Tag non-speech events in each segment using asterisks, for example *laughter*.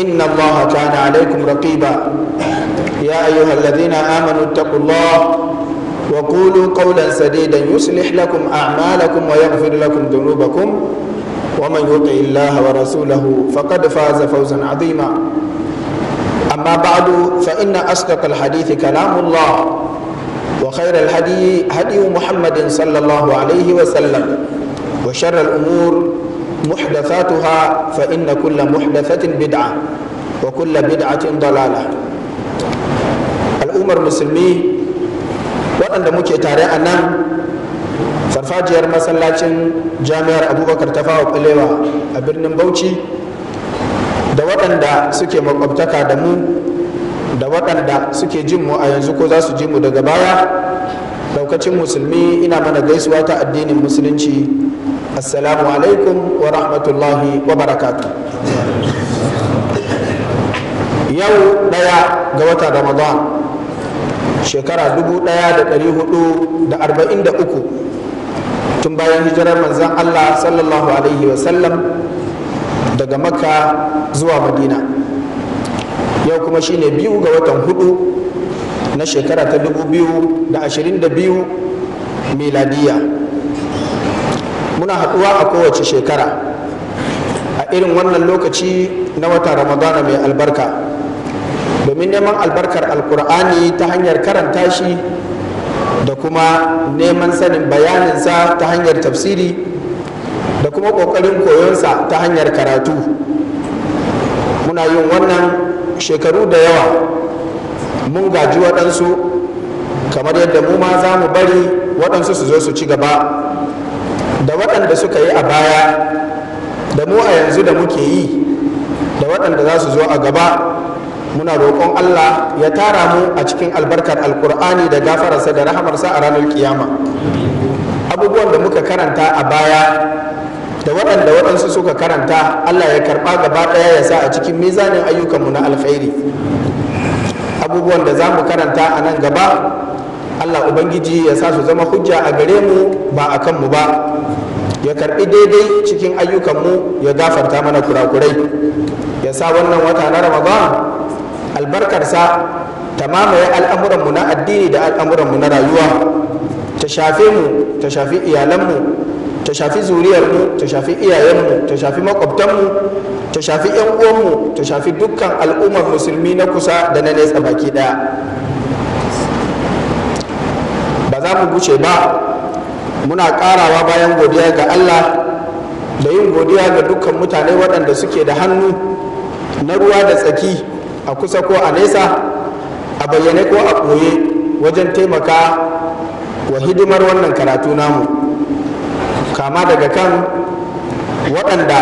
إن الله كان عليكم رقيبا يا أيها الذين آمنوا اتقوا الله وقولوا قولا سديدا يصلح لكم أعمالكم ويغفر لكم ذنوبكم ومن يطع الله ورسوله فقد فاز فوزا عظيما أما بعد فإن أصدق الحديث كلام الله وخير الهدي هدي محمد صلى الله عليه وسلم وشر الأمور محدثاتها فإن كل محدثة kulla وكل بدعة ضلالة al'ummar musulmi waɗanda muke tare a nan farfajiyar masallacin jami'ar abubakar ta fawa balewa a birnin bauchi da waɗanda suke makwabtaka da mu da waɗanda suke jin mu a yanzu ko za su ji mu daga baya daukacin musulmi ina mana gaisuwa ta addinin musulunci assalamu alaikum wa rahmatullahi wa barakatu yau daya ga wata ramadan shekara 1443 tun bayan hijirar manzan allah sallallahu alaihi wasallam daga makka zuwa madina yau kuma shine biyu ga watan hudu na shekara ta 2022 miladiya muna haɗuwa a kowace shekara a irin wannan lokaci na wata ramadana mai albarka domin neman albarkar alkur'ani ta hanyar karanta shi da kuma neman sanin bayaninsa ta hanyar tafsiri da kuma ƙoƙarin koyonsa ta hanyar karatu muna yin wannan shekaru da yawa mun gaji waɗansu kamar yadda mu ma za mu bari waɗansu su zo su ci gaba da waɗanda suka yi a baya da mu a yanzu da muke yi da waɗanda za su zo a gaba muna roƙon Allah ya tara mu a cikin albarkar alkur'ani da gafararsa da rahamarsa a ranar kiyama abubuwan da muka karanta a baya da waɗanda waɗansu suka karanta Allah ya karɓa gaba ɗaya ya sa a cikin mizanin ayyukanmu na alkhairi abubuwan da za mu karanta a nan gaba Allah Ubangiji ya sa su zama hujja a gare mu ba a kanmu ba ya karbi daidai cikin ayyukanmu ya gafarta mana kurakurai ya sa wannan wata na ramadan albarkarsa ta mamaye al'amuranmu na addini da al'amuranmu na rayuwa ta shafe mu ta shafi iyalanmu ta shafi zuriyarmu ta shafi iyayenmu ta shafi makwabtanmu ta shafi yan uwanmu ta shafi dukkan al'ummar musulmi na kusa da na nesa baki daya ba za mu guce ba muna karawa bayan godiya ga allah da yin godiya ga dukkan mutane waɗanda suke da hannu na ruwa da tsaki a kusa ko a nesa a bayyane ko a ɓoye wajen taimaka wa hidimar wannan karatu namu kama daga kan waɗanda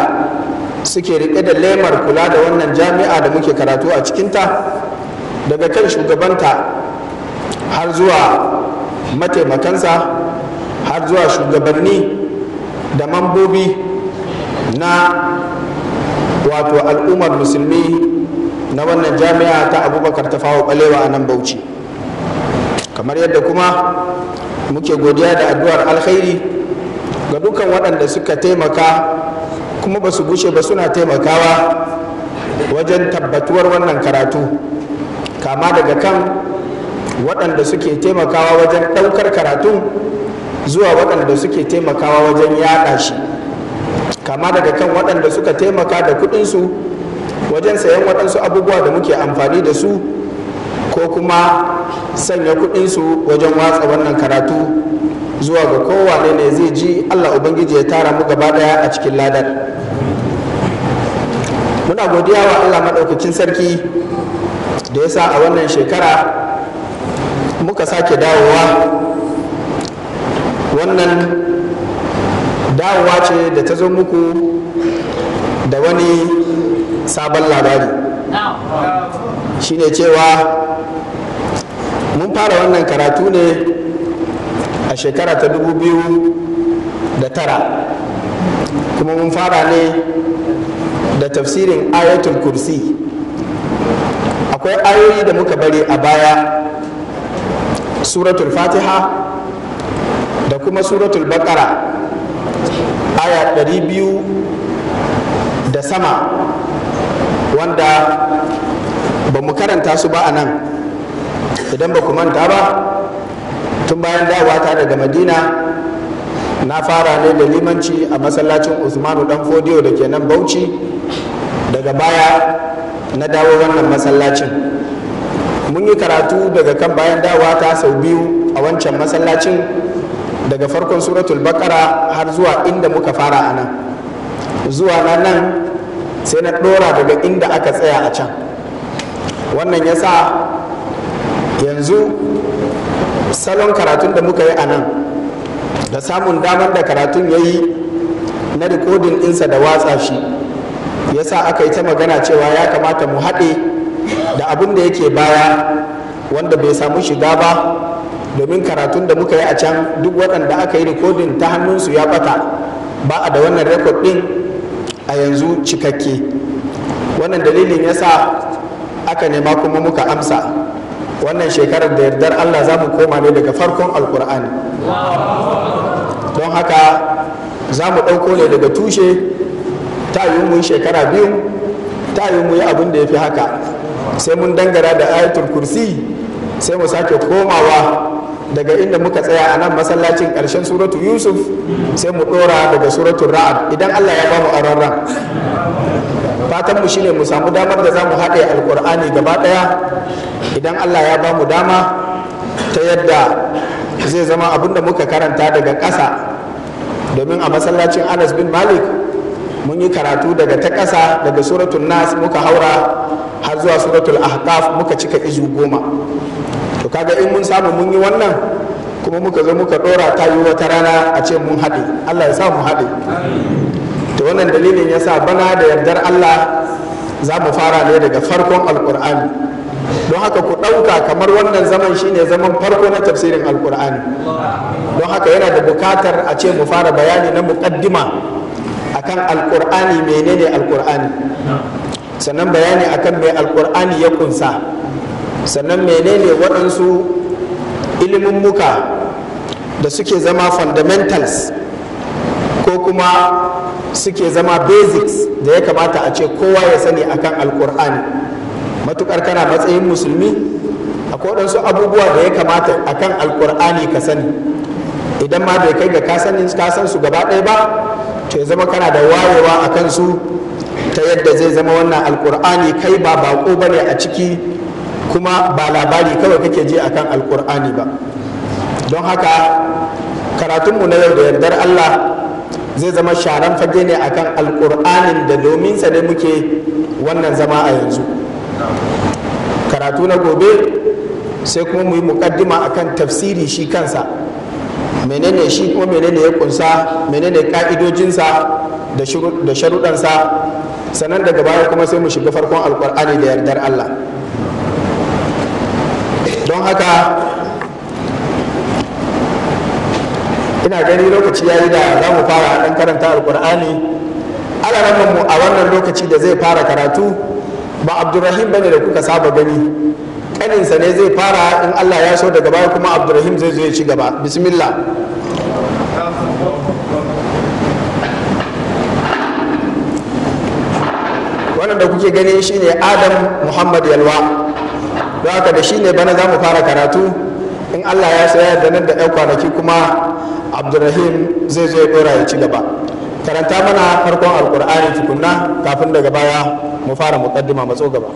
suke riƙe da lemar kula da wannan jami'a da muke karatu a cikinta daga kan shugabanta har zuwa mataimakansa har zuwa shugabanni da mambobi na wato al'ummar musulmi na wannan jami'a ta abubakar ta fawo balewa a nan bauchi kamar yadda kuma muke godiya da addu'ar alkhairi ga dukkan waɗanda suka taimaka kuma ba su gushe ba suna taimakawa wajen tabbatuwar wannan karatu kama daga kan waɗanda suke taimakawa wajen ɗaukar karatu zuwa waɗanda suke taimakawa wajen yaɗa shi kama daga kan waɗanda suka taimaka da kuɗinsu wajen sayan waɗansu abubuwa da muke amfani da su ko kuma sanya kuɗinsu wajen watsa wannan karatu zuwa ga kowane ne zai ji allah ubangiji ya tara mu gaba ɗaya a cikin ladar muna godiya wa allah maɗaukacin sarki da ya sa a wannan shekara muka sake dawowa wannan dawowa ce da ta zo muku da wani sabon labari shine cewa mun fara wannan karatu ne a shekara ta dubu biyu da tara kuma mun fara ne da tafsirin ayatul kursi akwai ayoyi da muka bari a baya suratul fatiha kuma suratul baqara aya ɗari biyu da sama wanda ba mu karanta su ba a nan idan ba ku manta ba tun bayan dawata daga madina na fara ne da limanci a masallacin usmanu dan fodiyo da ke nan bauchi daga baya na dawo wannan masallacin mun yi karatu daga kan bayan dawa sau biyu a wancan masallacin daga farkon suratul bakara har zuwa inda muka fara a nan zuwa na nan sai na ɗora daga inda aka tsaya a can wannan ya sa yanzu salon karatun da muka yi a nan da samun damar da karatun ya yi na rikodin ɗinsa da watsa shi ya sa aka yi ta magana cewa ya kamata mu haɗe da abin da yake baya wanda bai samu shiga ba domin karatun da muka yi a can duk waɗanda aka yi rikodin ta hannunsu ya ɓata ba a da wannan rekod ɗin a yanzu cikakke wannan dalilin ya sa aka nema kuma muka amsa wannan shekarar da yardar allah za mu koma ne daga farkon alkur'ani don haka za mu ɗauko ne daga tushe ta yi mun shekara biyu ta yi mun yi abin da ya fi haka sai mun dangara da ayatul kursi sai mu sake komawa daga inda muka tsaya a nan masallacin ƙarshen suratu yusuf sai mu ɗora daga suratun ra'ad idan allah ya bamu auren ran fatan mu shine mu samu damar da za mu haɗe alƙur'ani gaba ɗaya idan allah ya bamu dama ta yadda zai zama abinda muka karanta daga ƙasa domin a masallacin anas bin malik mun yi karatu daga ta ƙasa daga suratul nas muka haura har zuwa suratul ahqaf muka cika izu goma to kaga in mun samu mun yi wannan kuma muka zo muka dora ta yi wata rana a ce mun haɗe allah ya sa mu haɗe to wannan dalilin ya sa bana da yardar allah za mu fara ne daga farkon alkur'ani don haka ku ɗauka kamar wannan zaman shine zaman farko na tafsirin alkur'ani don haka yana da bukatar a ce mu fara bayani na muƙaddima akan alkur'ani menene alkur'ani sannan bayani akan mai alkur'ani ya kunsa sannan menene waɗansu ilimin muka da suke zama fundamentals ko kuma suke zama basics da ya kamata a ce kowa ya sani akan alkur'ani matukar kana matsayin musulmi akwai waɗansu abubuwa da ya kamata akan alkur'ani ka sani idan ma bai kai ga kasan su gaba ɗaya ba to ya zama kana da wayewa a kansu ta yadda zai zama wannan alkur'ani kai ba bako bane a ciki kuma ba labari kawai kake ji akan alkur'ani ba don haka karatunmu na yau da yardar allah zai zama sharan fage ne akan alkur'anin da dominsa ne muke wannan zama a yanzu karatu na gobe sai kuma mu yi mukaddima akan tafsiri shi kansa menene shi kuma menene ya kunsa menene ka'idojinsa da sharuɗansa sannan daga baya kuma sai mu shiga farkon alkur'ani da yardar allah don haka ina gani lokaci ya yi da za mu fara ɗan karanta alkur'ani alaramanmu a wannan lokaci da zai fara karatu ba abdurrahim bane da kuka saba gani kaninsa ne zai fara in allah ya so daga baya kuma abdurrahim zai zo ya ci gaba bismillah wannan da kuke gani shine adam muhammad yalwa don haka da shi ne bana za mu fara karatu in allah ya saya da nan da 'yan kwanaki kuma abdulrahim zai zo ya dora ya ci gaba karanta mana farkon alkur'ani tukunna kafin daga baya mu fara mu kaddima matso gaba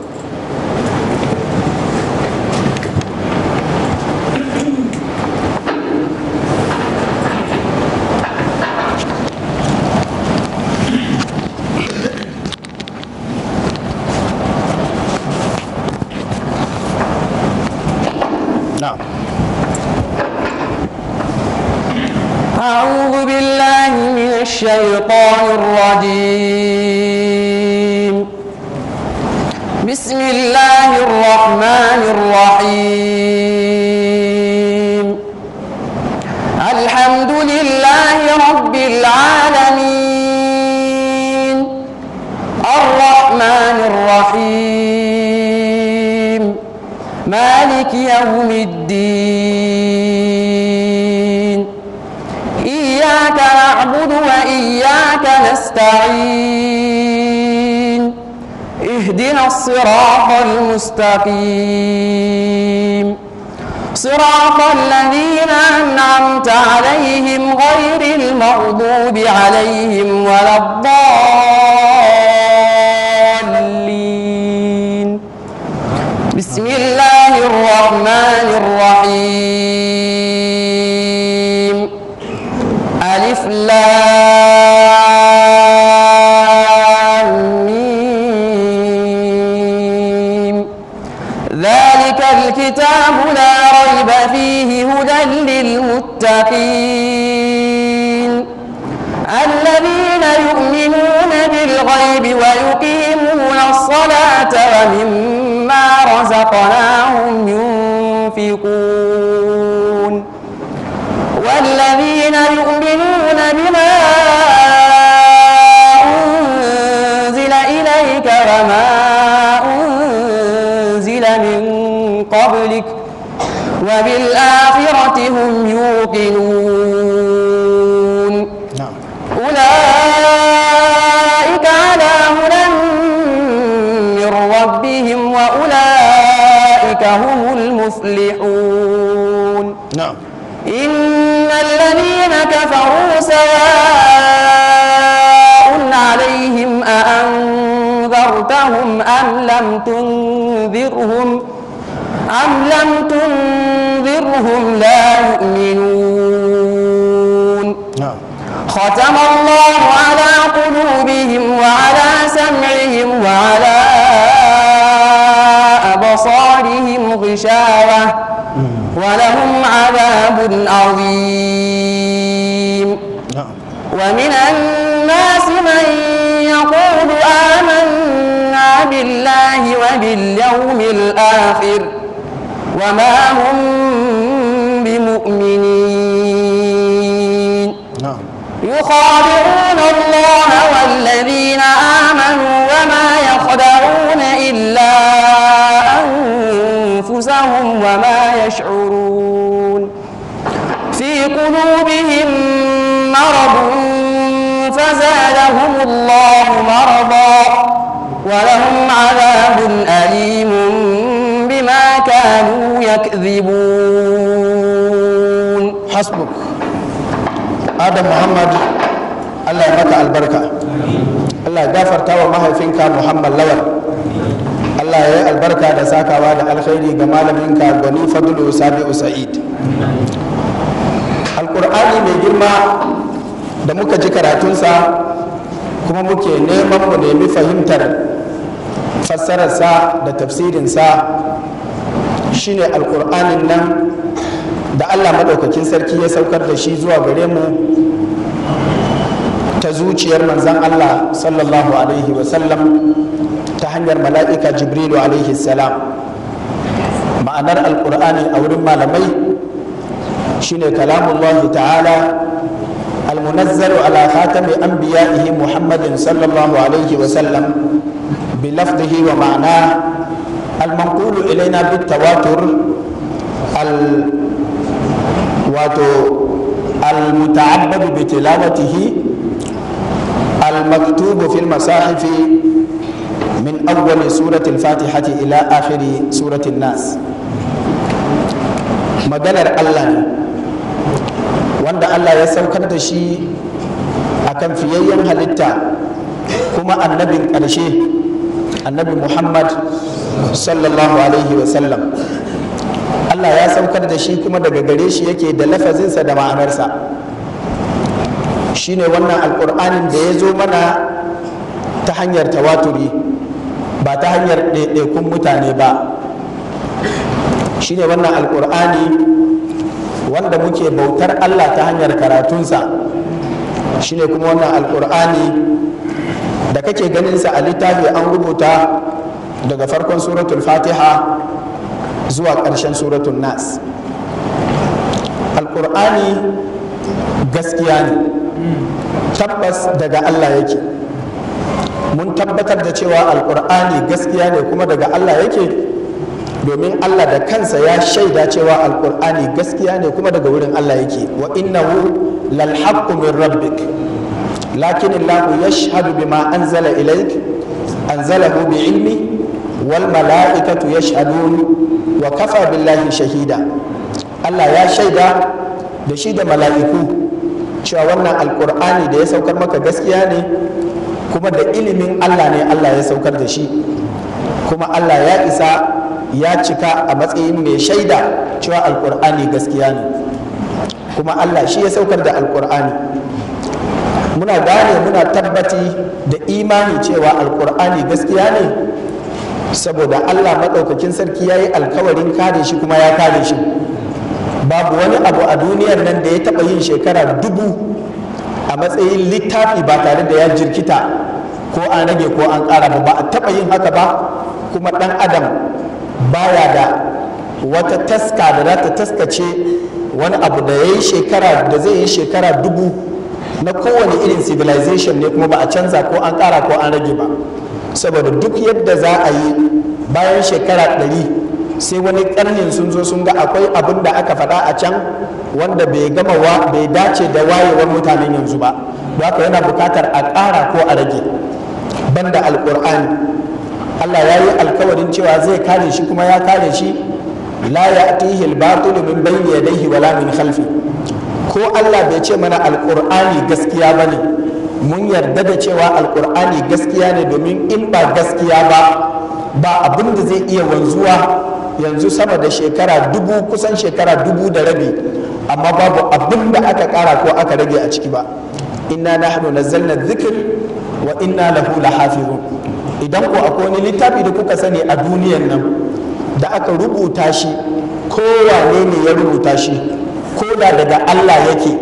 الشيطان الرجيم بسم الله الرحمن الرحيم الحمد لله رب العالمين الرحمن الرحيم مالك يوم الدين نستعين اهدنا الصراط المستقيم صراط الذين أنعمت عليهم غير المغضوب عليهم ولا الضالين بسم الله الرحمن الرحيم الكتاب لا ريب فيه هدى للمتقين الذين يؤمنون بالغيب ويقيمون الصلاة ومما رزقناهم ينفقون يوقنون نعم. أولئك على هدى من ربهم وأولئك هم المفلحون نعم إن الذين كفروا سواء عليهم أأنذرتهم أم لم تنذرهم أم لم تنذرهم لا عذاب عظيم نعم. ومن الناس من يقول آمنا بالله وباليوم الآخر وما هم بمؤمنين نعم. يخادعون الله والذين آمنوا تكذبون حسبك آدم محمد الله يبقى البركة ya يغفر تاوى ما فينك محمد لور الله يا البركة da sakawa da alkhairi ga malaminka gani fadlu sabi'u sa'id Alƙur'ani mai girma da muka ji karatunsa kuma muke neman mu nemi fahimtar fassararsa da tafsirinsa shine alkur'anin nan da allah maɗaukakin sarki ya saukar da shi zuwa gare mu ta zuciyar manzan allah sallallahu alaihi wasallam ta hanyar mala'ika jibrilu alaihi salam ma'anar alkur'ani a wurin malamai shine kalamullahi ta'ala المنزل على خاتم أنبيائه محمد صلى الله عليه وسلم بلفظه ومعناه المنقول إلينا بالتواتر ال واتو المتعبد بتلاوته المكتوب في المصاحف من أول سورة الفاتحة إلى آخر سورة الناس maganar Allah ne wanda Allah ya saukar da shi akan fiyayyen halitta kuma annabin ƙarshe annabi muhammad sallallahu alaihi wasallam allah ya saukar da shi kuma daga gare shi yake da lafazinsa da ma'anarsa shine wannan alkur'anin da ya zo mana ta hanyar tawaturi ba ta hanyar ɗaiɗaikun mutane ba shine wannan alkur'ani wanda muke bautar allah ta hanyar karatunsa shine kuma wannan alkur'ani da kake ganin sa a littafi an rubuta daga farkon suratul fatiha zuwa ƙarshen suratul nas alkur'ani gaskiya ne tabbas daga allah yake mun tabbatar da cewa alkur'ani gaskiya ne kuma daga allah yake domin allah da kansa ya shaida cewa Alƙur'ani gaskiya ne kuma daga wurin allah yake wa innahu lal min rabbik lakin Allah yashhadu bima anzala ilayk anzalahu bi ilmi wal mala'ikatu yashhadun wa kafa billahi shahida Allah ya shaida da shi da mala'iku cewa wannan alkur'ani da ya saukar maka gaskiya ne kuma da ilimin Allah ne Allah ya saukar da shi kuma Allah ya isa ya cika a matsayin mai shaida cewa alkur'ani gaskiya ne kuma Allah shi ya saukar da alkur'ani muna gane muna tabbati da imani cewa alkur'ani gaskiya ne saboda allah maɗaukakin sarki ya yi alkawarin kare shi kuma ya kare shi babu wani abu a duniyar nan da ya taɓa yin shekara dubu a matsayin littafi ba tare da ya jirkita ko an rage ko an ƙara ba a taɓa yin haka ba kuma ɗan adam baya da wata taska da za ta taskace wani abu da ya yi shekara da zai yi shekara dubu na kowane irin civilization ne kuma ba a canza ko an kara ko an rage ba saboda duk yadda za a yi bayan shekara ɗari sai wani ƙarnin sun zo sun ga akwai abin da aka faɗa a can wanda bai gama wa bai dace da wayewar mutanen yanzu ba haka yana buƙatar a ƙara ko a rage banda alƙur'ani Allah ya yi alkawarin cewa zai kare shi kuma ya kare shi la ya al-batilu min bayni yadayhi wala min khalfi ko Allah bai ce mana alkur'ani gaskiya ba ne mun yarda da cewa alkur'ani gaskiya ne domin in ba gaskiya ba ba abin da zai iya wanzuwa yanzu sama da shekara dubu kusan shekara dubu da rabi amma babu abin da aka ƙara ko aka rage a ciki ba inna nahnu nazzalna dhikr wa inna lahu lahafizun idan ko akwai wani littafi da kuka sani a duniyar nan da aka rubuta shi kowane ne ya rubuta shi ko da daga Allah yake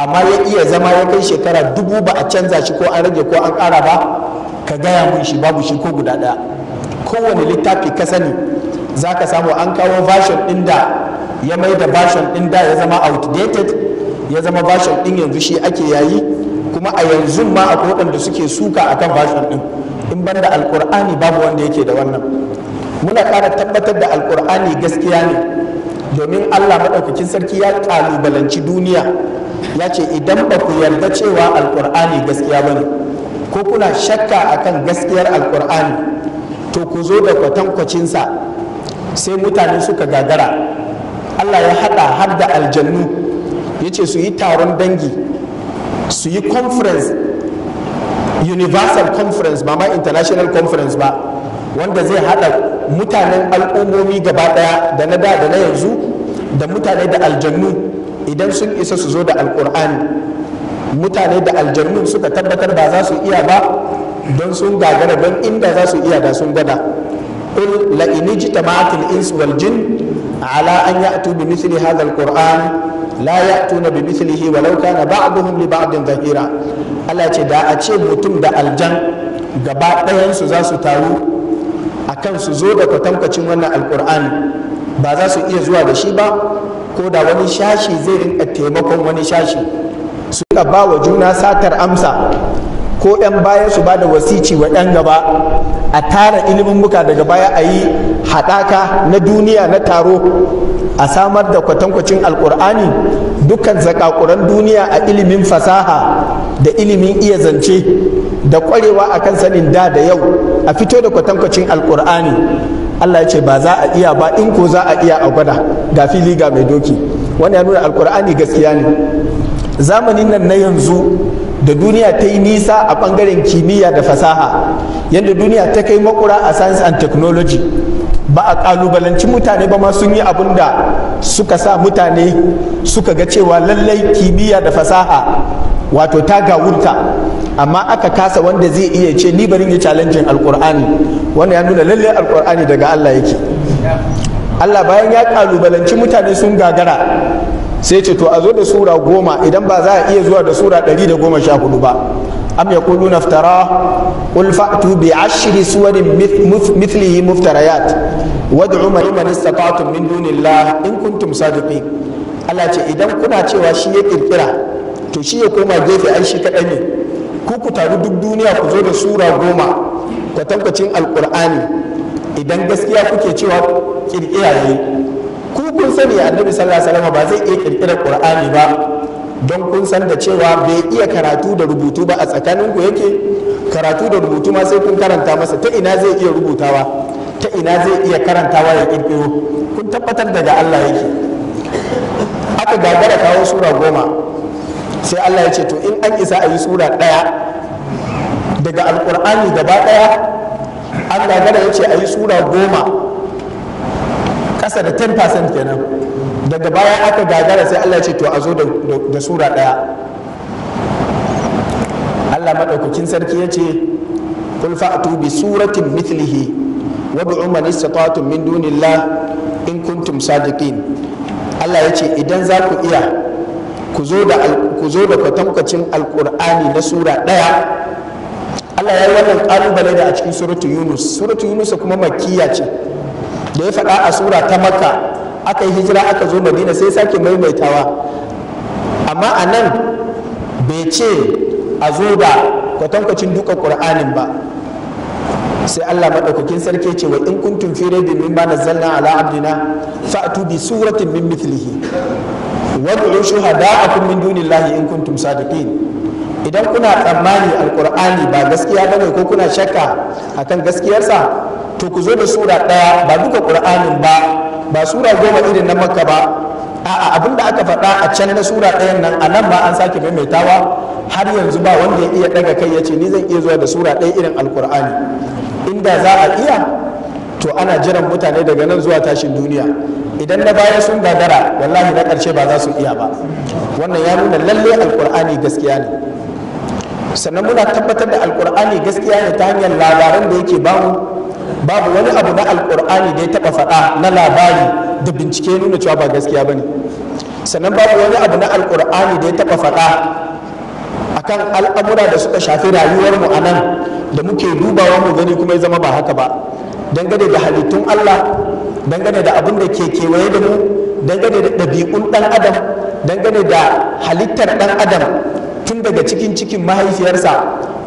amma ya iya zama ya kai shekara dubu ba a canza shi ko an rage ko an ƙara ba ka gaya mun shi babu shi ko guda ɗaya kowane littafi ka sani za ka samu an kawo version ɗin da ya mai da version ɗin da ya zama outdated ya zama version ɗin yanzu shi ake yayi kuma a yanzu ma akwai waɗanda suke suka akan version ɗin in ban da alƙur'ani babu wanda yake da wannan muna ƙara tabbatar da alƙur'ani gaskiya ne domin Allah maɗaukakin sarki ya ƙalubalanci duniya ya ce idan ba ku yarda cewa alƙur'ani gaskiya ba ne ko kuna shakka akan gaskiyar alƙur'ani to ku zo da kwatankwacinsa sai mutane suka gagara Allah ya haɗa har da aljannu ya ce su yi taron dangi su yi conference universal conference ba ma international conference ba wanda zai haɗa mutanen al'ummomi gaba ɗaya da na da da na yanzu da mutane da aljannu idan sun isa su zo da alƙur'ani mutane da aljannu suka tabbatar ba za su iya ba don sun gagara don inda za su iya da sun gada قل لئن اجتمعت الإنس والجن على أن يأتوا بمثل هذا القرآن لا يأتون بمثله ولو كان بعضهم لبعض ظهيرا Allah ce da a ce mutum da aljan gaba ɗayansu za su taru kan su zo da kwatankwacin wannan alkur'ani ba za su iya zuwa da shi ba ko da wani shashi zai rinka taimakon wani shashi su ka ba wa juna satar amsa ko 'yan baya su ba da wasici wa 'yan gaba a tara ilimin muka daga baya a yi haɗaka na duniya na taro a samar da kwatankwacin alkur'ani dukkan zakakuran duniya a ilimin fasaha da ilimin iya zance da ƙwarewa akan sanin da da yau a fito da kwatankwacin alkur'ani Allah ya ce ba za a iya ba in ko za a iya a gwada ga fili ga mai doki wani ya nuna alkur'ani gaskiya ne zamanin nan na yanzu da duniya ta yi nisa a ɓangaren kimiyya da fasaha yadda duniya ta kai makura a science and technology ba a ƙalubalanci mutane ba ma sun yi abin da suka sa mutane suka ga cewa lallai kimiyya da fasaha wato ta gawurta amma aka kasa wanda zai iya ce ni barin ya challenging alkur'ani wanda ya nuna lallai alkur'ani daga allah yake allah bayan ya ƙalubalanci mutane sun gagara sai ce to a zo da sura goma idan ba za a iya zuwa da sura ɗari da goma sha hudu ba am ya kulu naftara qul fa'tu bi ashri suwarin mithlihi muftarayat wadda man man istata'tum min dunillah in kuntum sadiqin Allah ce idan kuna cewa shi ya kirkira to shi ya koma gefe ai shi kaɗai ne ku ku taru duk duniya ku zo da sura goma ta tankacin Alƙur'ani idan gaskiya kuke cewa kirkira ne ku kun sani annabi sallallahu alaihi wasallam ba zai iya kirkirar qur'ani ba don kun san da cewa bai iya karatu da rubutu ba a tsakanin ku yake karatu da rubutu ma sai kun karanta masa ta ina zai iya rubutawa ta ina zai iya karantawa ya kirkiro kun tabbatar daga Allah yake aka gagara kawo sura goma sai Allah ya ce to in an isa a yi sura ɗaya daga alkur'ani gaba ɗaya an gagara ya ce a yi sura goma kasa da 10% kenan daga baya aka gagara sai Allah ya ce to a zo da sura ɗaya Allah maɗaukakin sarki ya ce kul fa'atu bi suratin mithlihi wa bi'u man istata'tum min dunillah in kuntum sadiqin Allah ya ce idan za ku iya ku zo da kwatankwacin alkur'ani na sura ɗaya Allah ya yi wannan ƙalubale da a cikin suratu yunus suratu yunus kuma makkiya ce da ya faɗa a sura ta maka aka yi hijira aka zo madina sai sake maimaitawa amma a nan bai ce a zo da kwatankwacin duka ƙur'anin ba sai Allah maɗaukakin sarki ce wa in kuntum fi raibin mimma nazzalna ala abdina fa'tu bi suratin min mithlihi a shuhada'akum min dunillahi in kuntum sadiqin idan kuna tsammani alkur'ani ba gaskiya bane ko kuna shakka akan gaskiyarsa to ku zo da sura ɗaya ba duka ƙur'anin ba ba sura goma irin na makka ba a'a da aka faɗa a can na sura ɗayan nan a nan ba an sake maimaitawa har yanzu ba wanda ya iya ɗaga kai ya ce ni zan iya zuwa da sura ɗaya irin alkur'ani inda za a iya to ana jiran mutane daga nan zuwa tashin duniya idan na baya sun gagara wallahi na ƙarshe ba za su iya ba wannan ya nuna lalle alkur'ani gaskiya ne sannan muna tabbatar da alkur'ani gaskiya ne ta hanyar labaran da yake bamu babu wani abu na alkur'ani da ya taba faɗa na labari da bincike nuna cewa ba gaskiya ba ne sannan babu wani abu na alkur'ani da ya taba faɗa akan al'amura da suka shafi rayuwar mu a nan da muke dubawa mu gani kuma ya zama ba haka ba dangane da halittun Allah dangane da abin da ke kewaye da mu dangane da ɗabi'un ɗan adam dangane da halittar ɗan adam tun daga cikin cikin mahaifiyarsa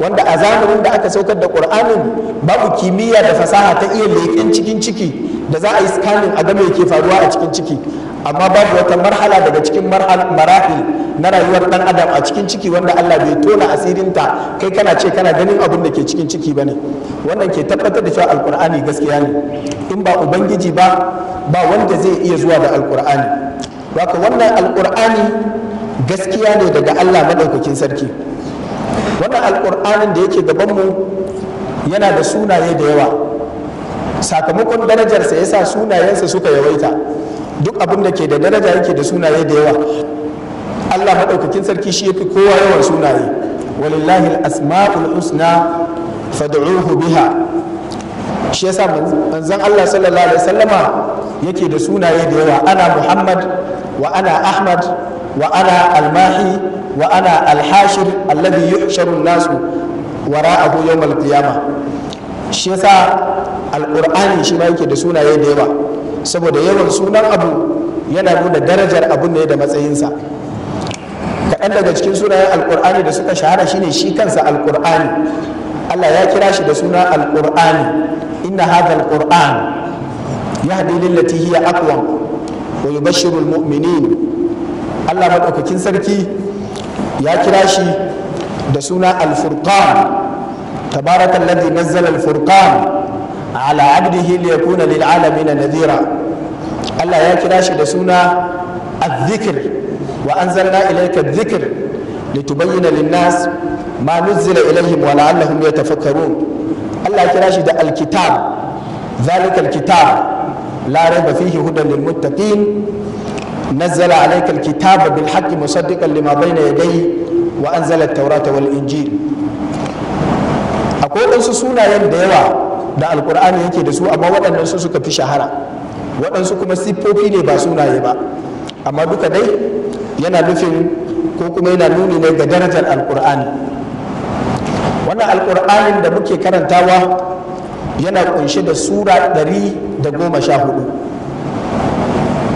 wanda a zamanin da aka saukar da ƙur'anin babu kimiyya da fasaha ta iya leƙen cikin ciki da za a yi scanning a game ke faruwa a cikin ciki amma babu wata marhala daga cikin marahil na rayuwar dan adam a cikin ciki wanda Allah bai tona asirinta kai kana ce kana ganin abin da ke cikin ciki ne. wannan ke tabbatar da cewa alkur'ani gaskiya ne in ba ubangiji ba ba wanda zai iya zuwa da alkur'ani haka wannan alkur'ani gaskiya ne daga Allah maɗaukakin sarki wannan alƙur'anin da yake mu yana da sunaye da yawa sakamakon darajarsa ya sa sunayensa suka yawaita duk abin da ke da daraja yake da sunaye da yawa Allah maɗaukakin sarki shi yake kowa yawan sunaye walillahi al-asma'ul husna fad'uhu biha shi yasa manzon Allah sallallahu alaihi wasallama yake da sunaye da yawa ana Muhammad wa ana Ahmad wa'ana الماحي وأنا الحاشر الذي يحشر الناس وراءه يوم القيامة shi yasa alƙur'ani shi ma yake da sunaye da yawa saboda yawan sunan abu yana nuna darajar abun ne da matsayinsa kaɗan daga cikin sunayen alƙur'ani da suka shahara shine shi kansa alƙur'ani allah ya kira shi da suna alƙur'ani inna hadha alƙur'an yahdi lillati hiya aqwam wa yubashshiru almu'minin Allah maɗaukakin sarki ya kira shi da suna alfurkan, furqan tabaraka alladhi nazzala al-furqan ala abdihi liyakuna lil alamin nadhira Allah ya kira shi da suna adh-dhikr wa anzalna ilayka adh-dhikr litubayyana linnas nas ma nuzila ilayhim wa la'allahum yatafakkarun Allah ya kira shi da alkitab kitab dhalika kitab la rayba fihi hudan lil-muttaqin نزل عليك الكتاب بالحق مصدقا لما بين يديه وأنزل التوراة والإنجيل akwai wasu sunayen da yawa da alkur'ani yake da su amma waɗannan su suka fi shahara waɗansu kuma siffofi ne ba sunaye ba amma duka dai yana nufin ko kuma yana nuni ne ga darajar alkur'ani wannan alkur'anin da muke karantawa yana kunshe da sura ɗari da goma sha hudu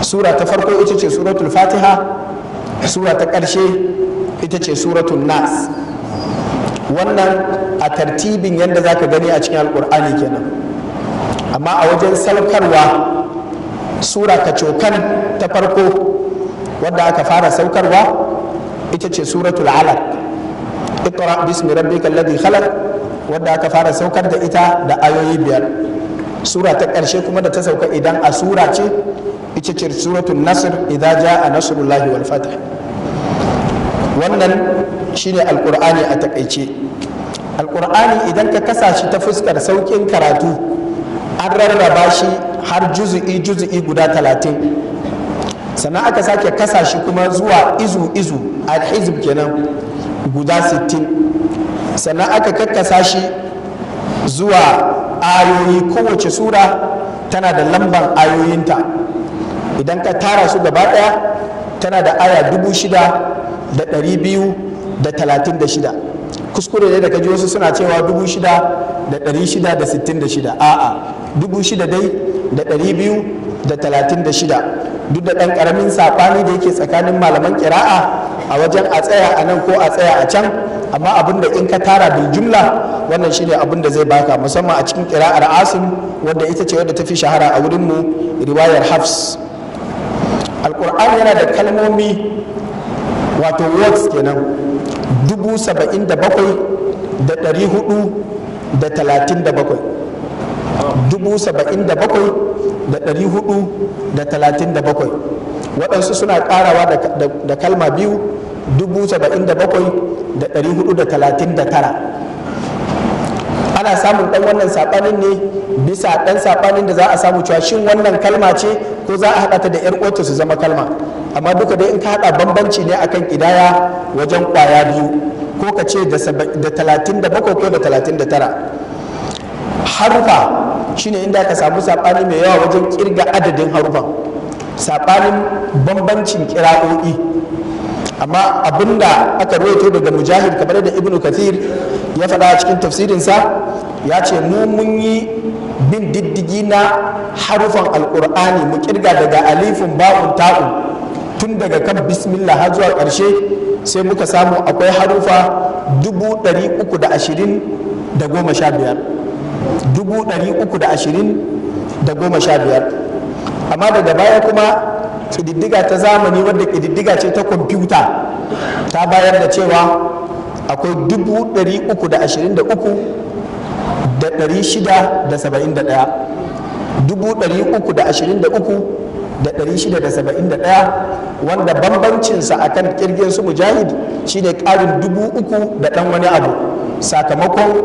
sura ta farko ita ce suratul fatiha sura ta ƙarshe ita ce suratul nas wannan a tartibin yadda za ka gani a cikin alkur'ani kenan amma a wajen saukarwa sura kacokan ta farko wadda aka fara saukarwa ita ce suratul alaq iqra bismi rabbika alladhi khalaq wadda aka fara saukar da ita da ayoyi biyar sura ta ƙarshe kuma da ta sauka idan a sura ce ita ce suratul nasir idza jaa nasrullahi wal fath wannan shine alqur'ani a takaice alqur'ani idan ka kasa shi ta fuskar saukin karatu an rarraba shi har juzu'i juzu'i guda talatin sannan aka sake kasa shi kuma zuwa izu izu al-hizb kenan guda sittin sannan aka kakkasa shi zuwa ayoyi kowace sura tana da lambar ayoyinta idan ka tara su gaba daya tana da aya dubu shida da ɗari biyu da talatin da shida kuskure ne da ji wasu suna cewa dubu shida da ɗari shida da sittin da shida a'a dubu shida dai da ɗari biyu da talatin da shida duk da ɗan ƙaramin saɓani da yake tsakanin malaman ƙira'a a wajen a tsaya a nan ko a tsaya a can amma abin da in ka tara bil jumla wannan shine abin da zai baka musamman a cikin ƙira'ar asim wanda ita ce wadda ta fi shahara a wurinmu riwayar hafs ƙur'ani yana da kalmomi wato words kenan dubu saba'in da bakwai da ɗari hudu da talatin da bakwai dubu saba'in da bakwai da ɗari hudu da talatin da bakwai waɗansu suna ƙarawa da kalma biyu dubu saba'in da bakwai da ɗari hudu da talatin da tara ana samun dan wannan sabanin ne bisa dan sabanin da za a samu cewa shin wannan kalma ce ko za a haɗa ta da yar ƙota su zama kalma amma duka dai in ka haɗa bambanci ne akan kidaya wajen ƙwaya biyu ko ka ce da talatin da bakwai ko da talatin da tara harufa shine inda ka samu saɓani mai yawa wajen ƙirga adadin harufan saɓanin bambancin kira'o'i amma abinda aka ruwaito daga mujahid kamar da ibnu kathir ya faɗa a cikin tafsirinsa ya ce mu mun yi bin diddigi na harufan alkur'ani mu kirga daga alifin ba'un ta'u. tun daga kan bismillah har zuwa ƙarshe sai muka samu akwai harufa dubu ɗari uku da ashirin da goma sha biyar dubu ɗari uku da ashirin da goma sha biyar amma daga baya kuma ƙididdiga ta zamani wadda ƙididdiga ce ta kwamfuta ta bayar da cewa akwai dubu ɗari uku da ashirin da uku da ɗari shida da saba'in da ɗaya dubu ɗari uku da ashirin da uku da ɗari shida da saba'in da ɗaya wanda bambancinsa a kan ƙirgin su mujahid shine ƙarin dubu uku da ɗan wani abu sakamakon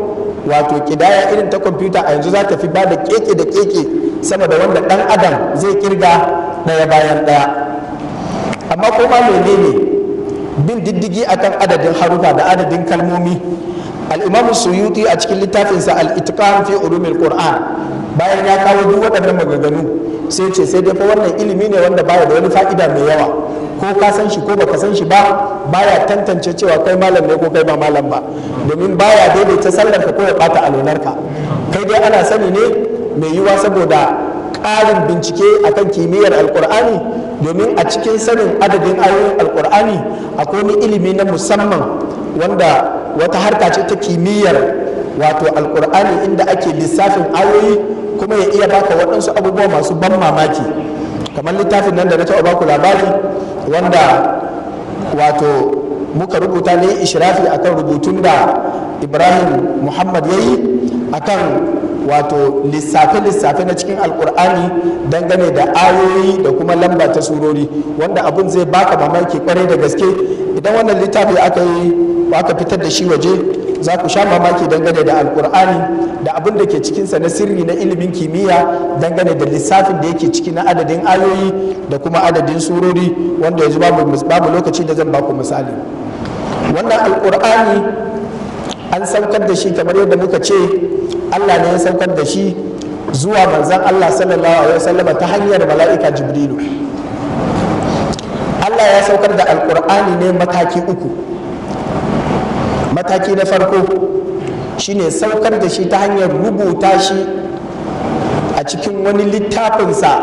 wato ƙidaya irin ta kwamfuta a yanzu za ta fi ba da keke da keke sama da wanda ɗan adam zai kirga ɗaya bayan ɗaya amma kuma menene ne bin diddigi akan adadin haruka da adadin kalmomi al'imamu suyuti a cikin littafinsa al'itikan fi urumin qur'an bayan ya kawo duk waɗannan maganganu sai ce sai dai fa wannan ilimi ne wanda baya da wani fa'ida mai yawa ko ka san shi ko baka san shi ba baya tantance cewa kai malam ne ko kai ba malam ba domin baya daidaita sallar ka ko ya bata alonarka kai dai ana sani ne mai yiwa saboda ƙarin bincike a kan kimiyyar alkur'ani domin a cikin sanin adadin ayoyin alkur'ani akwai wani ilimi na musamman wanda wata harka ce ta kimiyyar wato alkur'ani inda ake lissafin ayoyi kuma ya iya baka waɗansu abubuwa masu ban mamaki kamar littafin nan da na taɓa baku labari wanda wato muka rubuta ne ishirafi akan rubutun da ibrahim muhammad ya yi akan wato lissafe-lissafe na cikin alkur'ani dangane da ayoyi da kuma lamba ta surori wanda abin zai baka mamaki kwarai da gaske idan wannan littafi aka yi aka fitar da shi waje za ku sha mamaki dangane da alkur'ani da abin da ke cikinsa na sirri na ilimin kimiyya dangane da lissafin da yake ciki na adadin ayoyi da kuma adadin surori wanda yanzu babu lokaci da zan baku misali wannan alkur'ani an saukar da shi kamar yadda muka ce Allah ne ya saukar da shi zuwa manzan Allah sallallahu alaihi wasallama ta hanyar mala'ika Jibrilu Allah ya saukar da alkur'ani ne mataki uku mataki na farko shine saukar da shi ta hanyar rubuta shi a cikin wani littafinsa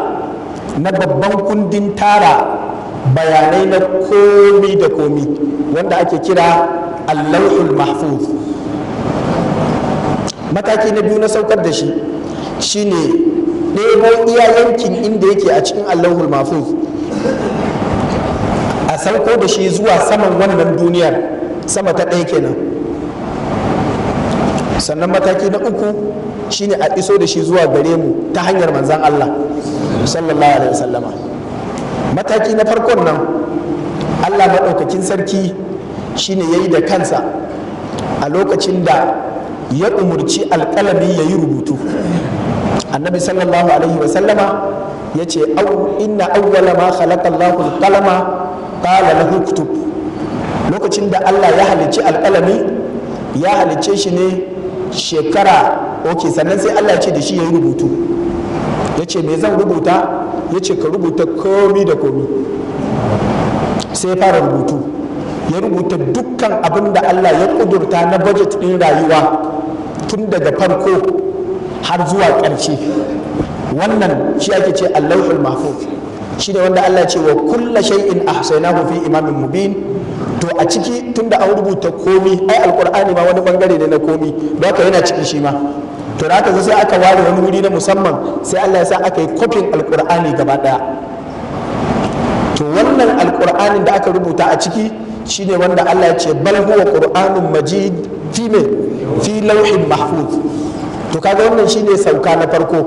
na babban kundin tara bayanai na komi da komi wanda ake kira allahul mahfuz mataki na biyu na saukar da shi shine ɗebo iya yankin inda yake a cikin allahul mafi a sauko da shi zuwa saman wannan duniyar sama ta ɗaya kenan sannan mataki na uku shine a iso da shi zuwa gare mu ta hanyar manzan Allah sallallahu alaihi wasallama mataki na farkon nan Allah maɗaukakin sarki shine ya yi da kansa a lokacin da ya umurci alƙalami ya yi rubutu annabi sallallahu alaihi wa sallama ya ce inna awwala ma khalaqa Allahu al-qalama qala lahu uktub lokacin da Allah ya halicci alƙalami ya halicce shi ne shekara ok sannan sai Allah ya ce da shi ya yi rubutu ya ce me zan rubuta ya ce ka rubuta komi da komi sai fara rubutu ya rubuta dukkan abin da Allah ya kudurta na budget ɗin rayuwa tun daga farko har zuwa ƙarshe wannan shi ake ce allahul mahfuz shi ne wanda Allah ce wa kulla shay'in ahsaynahu fi imamin mubin to a ciki tun da an rubuta komi ai alqur'ani ma wani bangare ne na komi don haka yana ciki shi ma to da haka sai aka ware wani wuri na musamman sai Allah ya sa aka yi kofin alqur'ani gaba daya to wannan alqur'anin da aka rubuta a ciki shine wanda Allah ya ce bal huwa qur'anun majid fi fi lauhin mahfuz to kaga wannan shine sauka na farko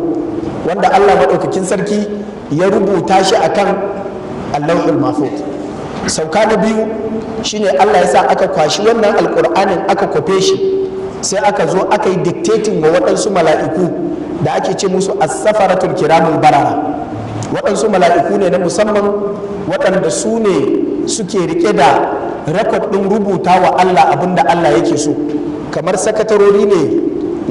wanda Allah maɗaukakin sarki ya rubuta shi akan lauhin mahfuz sauka na biyu shine Allah ya sa aka kwashi wannan alkur'anin aka kwafe shi sai aka zo aka yi dictating wa waɗansu mala'iku da ake ce musu as-safaratul kiramul barara waɗansu mala'iku ne na musamman waɗanda su ne suke rike da rekod ɗin rubuta wa Allah abinda Allah yake so kamar sakatarori ne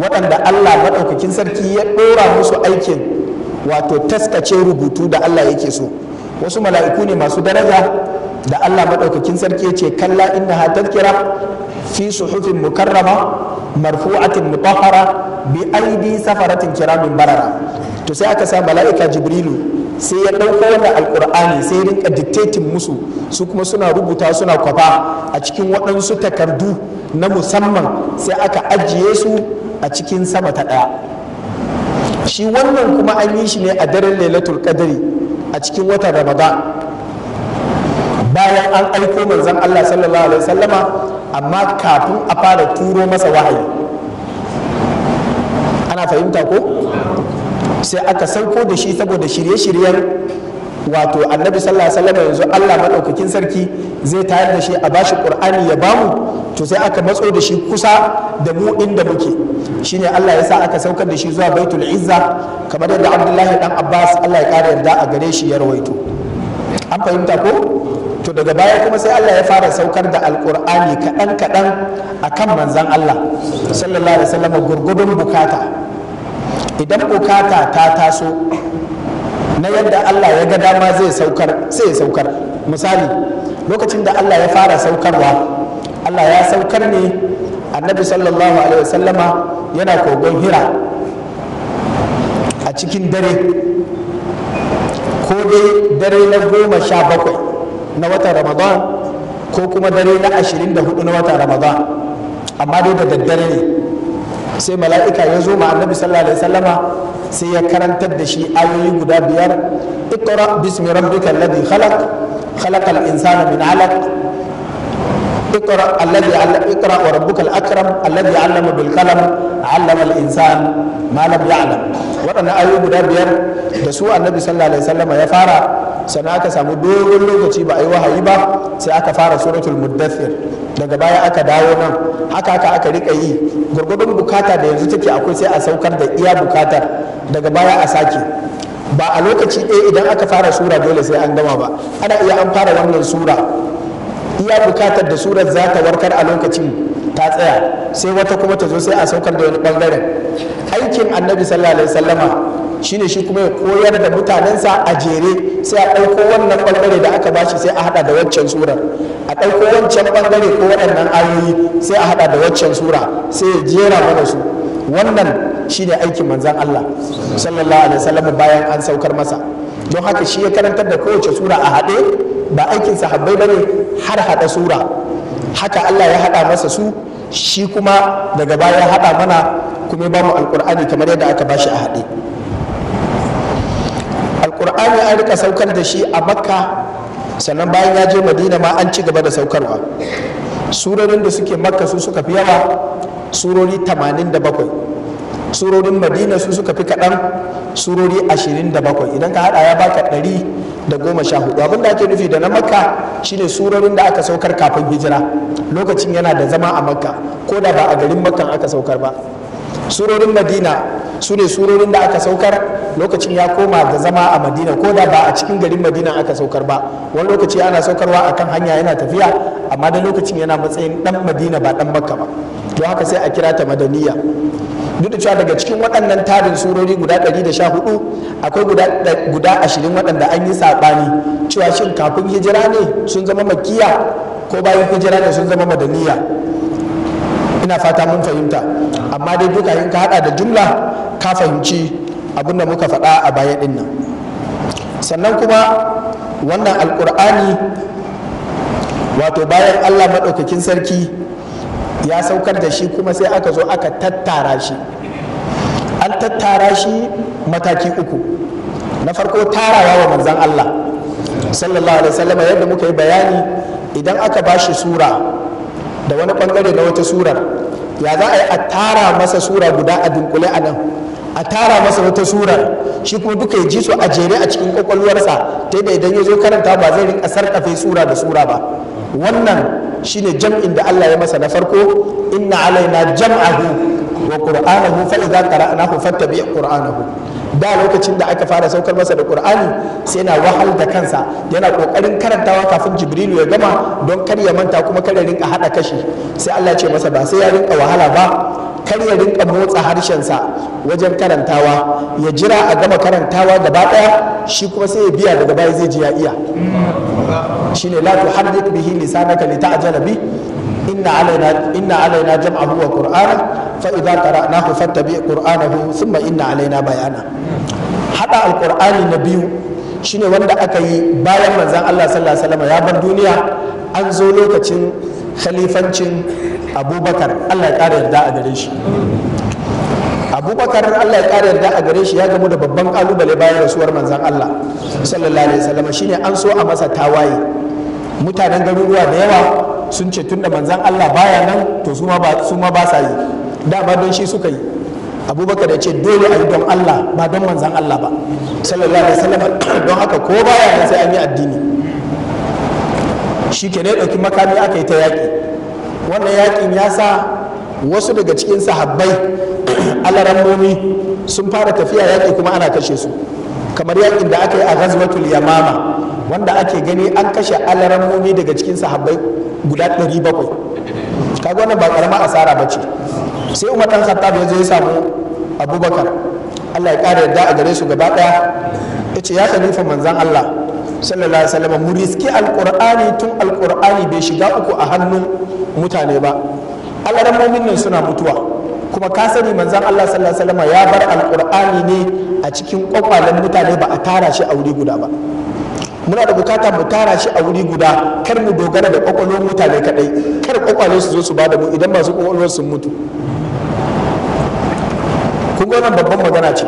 waɗanda Allah maɗaukakin sarki ya ɗora musu aikin wato taskace rubutu da Allah yake so wasu mala'iku ne masu daraja da Allah maɗaukakin sarki ya ce kalla ha tadhkira fi suhufin mukarrama marfu'atin mutahhara bi aidi safaratin kiramin barara to sai aka sa mala'ika jibrilu sai ya ɗauko wannan alkur'ani sai rinka dictating musu su kuma suna rubuta suna kwafa a cikin waɗansu takardu na musamman sai aka ajiye su a cikin sama ta ɗaya shi wannan kuma an yi shi ne a daren lailatul qadri a cikin watan ramadan bayan an aiko manzon Allah sallallahu alaihi wasallama amma kafin a fara turo masa wahayi ana fahimta ko sai aka sauko da shi saboda shirye-shiryen wato annabi sallallahu alaihi wasallam yanzu Allah madaukakin sarki zai tayar da shi a bashi qur'ani ya bamu to sai aka matso da shi kusa da mu inda muke shine Allah yasa aka saukar da shi zuwa baitul izza kamar yadda Abdullahi dan Abbas Allah ya kare yarda a gare shi ya rawaito an fahimta ko to daga baya kuma sai Allah ya fara saukar da alqur'ani kadan kadan akan manzon Allah sallallahu alaihi wasallam gurgudun bukata idan bukata ta taso na yadda Allah ya ga dama zai saukar sai ya saukar misali lokacin da Allah ya fara saukarwa Allah ya saukar ne annabi sallallahu alaihi wasallama yana kogon hira a cikin dare ko dai dare na goma sha bakwai na watan ramadan ko kuma dare na ashirin da hudu na watan ramadan amma dai da daddare ne sai mala'ika ya zo ma annabi sallallahu alaihi wasallama sai ya karantar da shi ayoyi guda biyar iqra bismi rabbikal ladhi khalaq khalaqal insana min alaq اقرأ الذي اقرأ وربك الأكرم الذي علم بالقلم علم الإنسان ما لم يعلم guda biyar da su annabi sallallahu alaihi sallama ya fara sannan aka samu dogon lokaci ba a yi wahayi ba sai aka fara suratul muddathir daga baya aka dawo nan haka aka aka rika yi gurgurdun bukata da yanzu take akwai sai a saukar da iya bukatar daga baya a sake ba a lokaci ɗaya idan aka fara sura dole sai an gama ba ana iya an fara wannan sura iya bukatar da surar za ta warkar a lokacin ta tsaya sai wata kuma ta zo sai a saukar da wani bangaren aikin annabi sallallahu alaihi wasallama shine shi kuma ya koyar da mutanensa a jere sai a ɗauko wannan bangare da aka bashi sai a hada da waccan surar a ɗauko wancan bangare ko waɗannan ayoyi sai a hada da waccan sura sai ya jera mana su wannan shine aikin manzon Allah sallallahu alaihi wasallam bayan an saukar masa don haka shi ya karantar da kowace sura a haɗe ba aikin sahabbai bane har haɗa sura haka Allah ya haɗa masa su shi kuma daga baya ya haɗa mana kuma ba mu alƙur'ani kamar yadda aka bashi a haɗe alƙur'ani an rika saukar da shi a makka sannan bayan ya je madina ma an ci gaba da saukarwa surorin da suke makka su suka fi yawa surori 87 surorin madina su suka fi kaɗan surori ashirin da bakwai idan ka haɗa ya baka ɗari da goma sha hudu abin da ake nufi da na makka shine surorin da aka saukar kafin hijira lokacin yana da zama a makka ko da ba a garin makkan aka saukar ba surorin madina su ne surorin da aka saukar lokacin ya koma da zama a madina ko da ba a cikin garin madina aka saukar ba wani lokaci ana saukarwa a kan hanya yana tafiya amma da lokacin yana matsayin dan madina ba dan makka ba to haka sai a kira ta madaniya duk da cewa daga cikin waɗannan tarin surori guda 114 akwai guda ashirin waɗanda an yi saɓani cewa shin kafin hijira ne sun zama makiya ko bayan hijira ne sun zama madaniya ina fata mun fahimta amma dai duka in ka hada da jumla ka fahimci abin da muka faɗa a baya ɗin nan sannan kuma wannan alƙur'ani wato bayan allah maɗaukakin sarki ya saukar da shi kuma sai aka zo aka tattara shi an tattara shi mataki uku na farko tara wa manzan Allah sallallahu alaihi wasallam yadda muka yi bayani idan aka ba shi sura da wani bangare na wata surar ya za a yi a tara masa sura guda a dunkule a nan a tara masa wata surar shi kuma duka ya ji su a jere a cikin kwakwalwarsa ta yadda idan ya zo karanta ba zai rinka sarkafe sura da sura ba wannan shine jam'in da Allah ya masa na farko inna alaina jam'ahu wa qur'anahu fa idza qara'nahu fattabi' qur'anahu da lokacin da aka fara saukar masa da qur'ani sai yana wahal da kansa yana kokarin karantawa kafin jibrilu ya gama don kar ya manta kuma kar ya rinka haɗa kashi sai Allah ce masa ba sai ya rinka wahala ba kar ya rinka motsa harshen sa wajen karantawa ya jira a gama karantawa gaba daya shi kuma sai ya biya daga baya zai ji ya iya shine la tuhaddith bihi lisanaka lita'jala bi inna alaina inna alaina jam'ahu wa qur'ana fa idza qara'nahu fattabi qur'anahu thumma inna alaina bayana hada alqur'ani na biyu shine wanda aka yi bayan manzon Allah sallallahu alaihi wasallam ya bar duniya an zo lokacin khalifancin abubakar Allah ya kare yarda a gare shi abubakar allah ya kare yarda a gare shi ya gamu da babban kalubale bayan rasuwar manzan allah sallallahu alaihi wasallam shine an so a masa tawaye mutanen garuruwa da yawa sun ce tunda manzan Allah baya nan to su ma ba sa yi dama don shi suka yi abubakar ya ce dole a yi don Allah ba don manzan Allah ba sallallahu alaihi wasallam *coughs* don haka ko baya nan sai an yi addini shi ke ne ɗauki makami aka yi ta yaƙi wannan yaƙin ya sa wasu daga cikin sahabbai *coughs* alarammomi sun fara tafiya yaƙi kuma ana kashe su kamar yaƙin da aka yi a ghazwatul yamama wanda ake gani an kashe alarammomi daga cikin sahabbai guda 700 kaga wannan ba karama asara ba ce sai umar dan khattab ya zo ya samu abubakar allah ya kara yadda a gare su gaba daya ya ce ya khalifa manzan allah sallallahu alaihi wasallam mu riski alqur'ani tun alqur'ani bai shiga uku a hannun mutane ba alarammomin nan suna mutuwa kuma ka sani manzan Allah sallallahu alaihi wasallam ya bar alqur'ani ne a cikin kwakwalen mutane ba a tara shi a wuri guda ba muna da bukata mu tara shi a wuri guda kar mu dogara da kwakwalwar mutane kadai kar kwakwalwar su zo su bada mu idan masu kwakwalwar sun mutu kun ga babban magana ce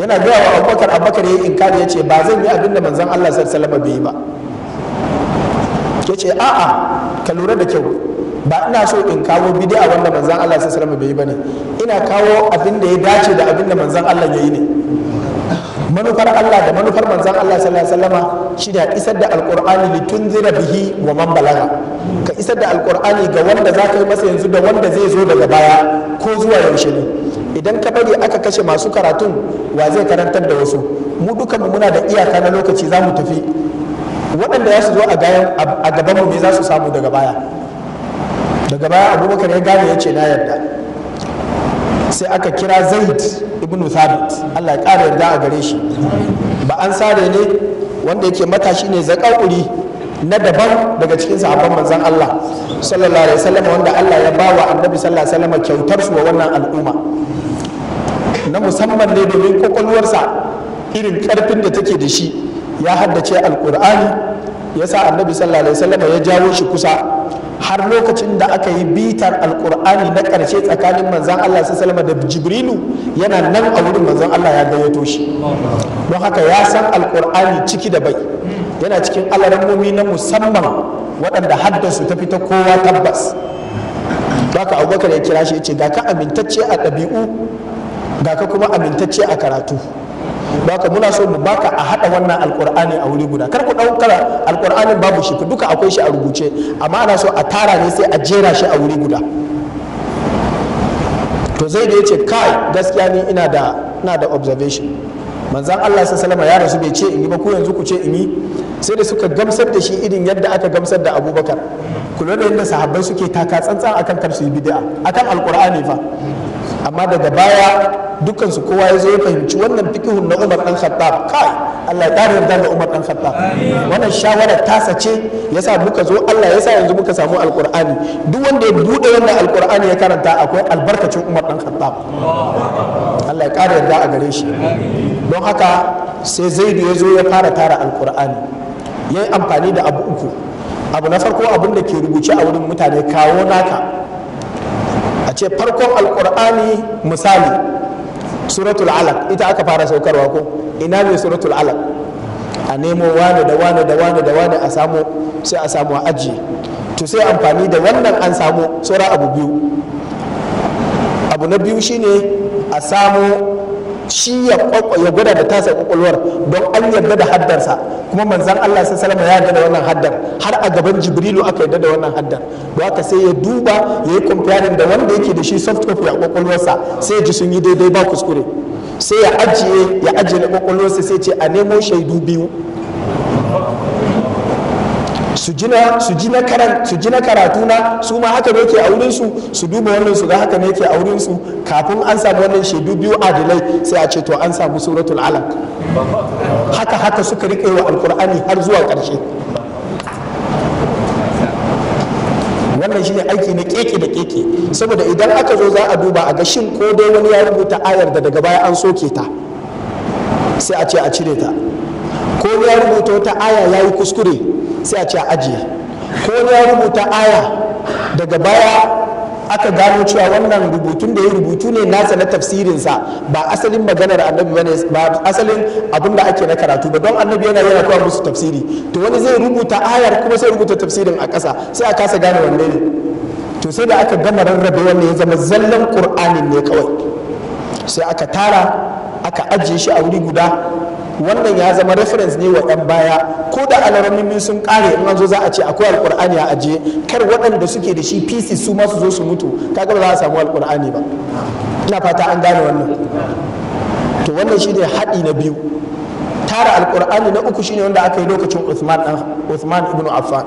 yana gaya wa abubakar abubakar ya yi inkari ya ce ba zan yi abin da manzon allah sallallahu bai yi ba ya ce a'a ka lura da kyau ba ina so in kawo bid'a wanda manzon allah sallallahu bai yi ba ne ina kawo abin da ya dace da abin da manzon allah ya yi ne manufar allah da manufar manzon allah sallallahu alaihi wasallama shine a isar da alkur'ani tun zira bihi wa man balaga ka isar da alkur'ani ga wanda za ka yi masa yanzu da wanda zai zo daga baya ko zuwa yaushe ne idan ka bari aka kashe masu karatun wa zai karantar da wasu mu duka mu muna da iyaka na lokaci za mu tafi waɗanda za su zo a gaban mu me za su samu daga baya daga baya abubakar ya gane ya ce na yarda sai aka kira zaid ibn thabit allah ya ƙara yarda a gare shi ba an sare ne wanda yake matashi ne zakauri na daban daga cikin sahabban manzon Allah sallallahu alaihi wasallam wanda Allah ya bawa annabi sallallahu alaihi wasallam kyautar su wa wannan al'umma na musamman ne domin kwakwalwarsa irin karfin da take da shi ya haddace alqur'ani yasa annabi sallallahu alaihi wasallam ya jawo shi kusa har lokacin da aka yi bitar alkur'ani na ƙarshe tsakanin manzan Allah su salama da jibrilu yana nan a wurin manzan Allah ya gayyato shi don haka ya san alkur'ani ciki da bai yana cikin alarammomi na musamman waɗanda haddasu ta fita kowa tabbas haka abubakar ya kira shi ya ce ga ka amintacce a ɗabi'u ga ka kuma amintacce a karatu baka muna so mu baka a hada wannan alkur'ani a wuri guda kar ku daukar alkur'anin babu shi duka akwai shi a rubuce amma ana so a tara ne sai a jera shi a wuri guda to zai da yace kai gaskiya ni ina da ina da observation manzan Allah salama ya rasu bai ce in yi ba ku yanzu ku ce in yi sai da suka gamsar da shi irin yadda aka gamsar da Abubakar kula da yadda sahabbai suke taka tsantsan akan kar su bid'a akan alkur'ani fa amma daga baya dukkan su kowa ya zo ya fahimci wannan fikihun na Umar dan Khattab kai Allah ya tare da Umar dan Khattab wannan shawara ta sace yasa muka zo Allah yasa yanzu muka samu alqur'ani duk wanda ya bude wannan alqur'ani ya karanta akwai albarkacin Umar dan Khattab Allah ya kare yarda a gare shi don haka sai Zaidu ya zo ya fara tara alqur'ani yayi amfani da abu uku abu na farko abin da ke rubuce a wurin mutane kawo naka ce farkon alkur'ani misali suratul alaq ita aka fara saukarwa ko ina ne suratul alaq a nemo wane da wane da wane da wane a samu sai a samu a ajiye to sai amfani da wannan an samu tsora abu biyu abu na biyu shine a samu shi ya gwada da tasa kwakwalwar don an yarda da haddarsa kuma manzan Allah sai salama ya yarda da wannan haddar har a gaban jibrilu aka yarda da wannan haddar da aka sai ya duba ya yi comparing da wanda yake da shi soft copy a kwakwalwarsa sai ji sun yi daidai ba kuskure sai ya ajiye ya ajiye na kwakwalwarsa sai ce a nemo shaidu biyu su ji na karatu na su ma haka ne yake a wurin su duba wannan su ga haka ne yake a wurin kafin an samu wannan shaidu biyu adilai sai a ce to an samu suratul alaq haka haka suka rike wa alkur'ani har zuwa karshe wannan shine aiki na keke da keke saboda idan aka zo za a duba a ga shin ko dai wani ya rubuta ayar da daga baya an soke ta sai a ce a cire ta ko ya rubuta wata aya ya yi kuskure sai a ce ajiye ko ya rubuta aya daga baya aka gano cewa wannan rubutun da ya rubutu ne nasa na tafsirinsa ba asalin maganar annabi ba ba asalin abin da ake na karatu ba don annabi yana yana kawo musu tafsiri to wani zai rubuta ayar kuma sai rubuta tafsirin a ƙasa sai a kasa gane wanne ne to sai da aka gama rarrabe wannan ya zama zallan qur'anin ne kawai sai aka tara aka ajiye shi a wuri guda wannan ya zama reference ne wa ɗan baya ko da alaramimin sun kare in an zo za a ce akwai alkur'ani a ajiye kar waɗanda suke da shi pc su masu zo su mutu ta ba za a samu alkur'ani ba ina fata an gane wannan to wannan shi ne haɗi na biyu tara alƙur'ani na uku shine wanda aka yi lokacin usman ah, ibn Affan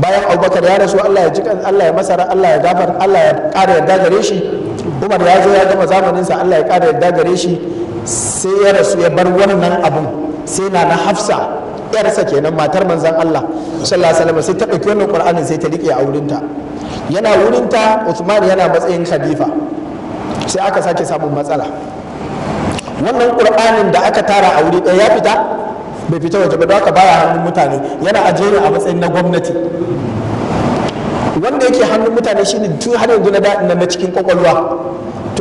bayan Abubakar ya rasu Allah ya jikan Allah ya masara Allah ya gafar Allah ya ƙara yarda gare shi Umar ya zo ya gama zamaninsa Allah ya ƙara yarda gare shi sai ya rasu ya bar wannan abun sai na na hafsa yarsa kenan matar manzan Allah sallallahu alaihi wasallam sai ta dauki wannan Qur'anin sai ta rike a wurinta yana wurinta Uthman yana matsayin khalifa sai aka sake samun matsala wannan Qur'anin da aka tara a wuri ɗaya ya fita bai fita waje ba don haka baya hannun mutane yana jere a matsayin na gwamnati wanda yake hannun mutane shine tun har yanzu na daɗin na cikin kwakwalwa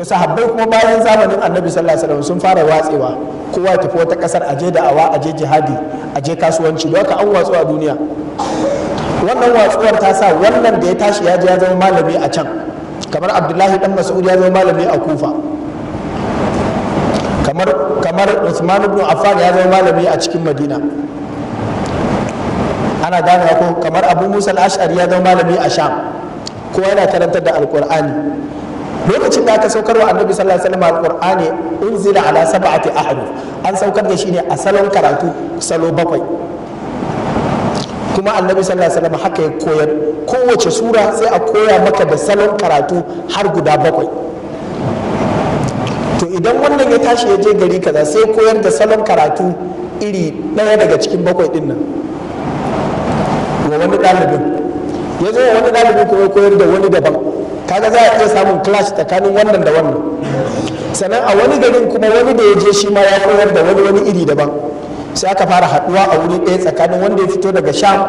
sahabbai kuma bayan zamanin annabi sallallahu alaihi wasallam sun fara watsewa kowa ya tafi wata kasar aje da'awa aje jihadi aje kasuwanci don haka an watsu a duniya wannan watsuwar ta sa wannan da ya tashi ya je ya zama malami a can kamar abdullahi dan mas'ud ya zama malami a kufa kamar kamar usman ibn affan ya zama malami a cikin madina ana gane ko kamar abu musa al-ash'ari ya zama malami a sham kowa yana karantar da alqur'ani lokacin da aka saukar wa annabi sallallahu alaihi wasallam alqur'ani unzila ala sab'ati ahruf an saukar da shi ne a salon karatu salo bakwai kuma annabi sallallahu alaihi wasallam haka ya koyar kowace sura sai a koya maka da salon karatu har guda bakwai to idan wannan ya tashi ya je gari kaza sai koyar da salon karatu iri ɗaya daga cikin bakwai din nan wa wani ɗalibin ya zo wani ɗalibin kuma koyar da wani daban kaga za a iya samun clash tsakanin wannan da wannan sannan a wani garin kuma wani da ya je shi ma ya koyar da wani wani iri daban sai aka fara haduwa a wuri ɗaya tsakanin wanda ya fito daga sham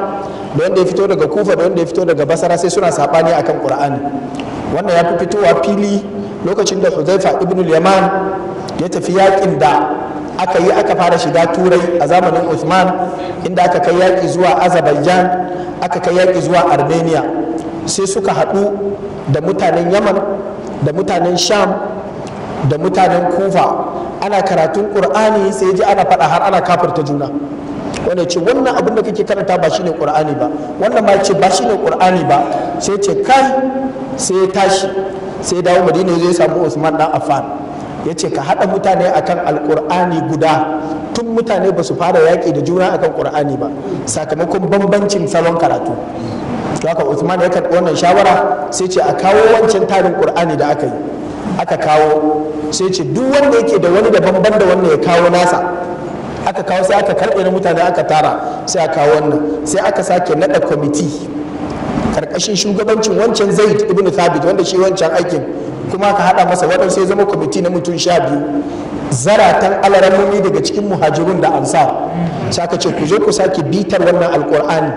da wanda ya fito daga kufa da wanda ya fito daga basara sai suna saɓani akan qur'ani wannan ya fi fitowa fili lokacin da huzaifa ibn yaman ya tafi yakin da aka yi aka fara shiga turai a zamanin Usman, inda aka kai yaki zuwa Azerbaijan aka kai yaƙi zuwa Armenia sai suka haɗu da mutanen yaman da mutanen sham da mutanen kufa ana karatun ƙur'ani sai ji ana faɗa har ana kafirta juna wanda ce wannan abin da kake karanta ba shine ƙur'ani ba wannan ma ce ba shine ƙur'ani ba sai ce kai sai tashi sai dawo madina zai samu usman dan affan ya ce ka haɗa mutane akan alƙur'ani guda tun mutane ba su fara yaƙi da juna akan ƙur'ani ba sakamakon bambancin salon karatu to haka Uthman ya karɓi wannan shawara sai ce a kawo wancan tarin kur'ani da aka yi aka kawo sai ce duk wanda yake da wani daban ban da wannan ya kawo nasa aka kawo sai aka karɓe na mutane aka tara sai aka kawo wannan sai aka sake naɗa kwamiti karkashin shugabancin wancan zaid ibn thabit wanda shi wancan aikin kuma aka haɗa masa waɗansu sai zama kwamiti na mutum sha biyu zaratan alaramomi daga cikin muhajirun da ansar sai aka ce ku zo ku sake bitar wannan alkur'ani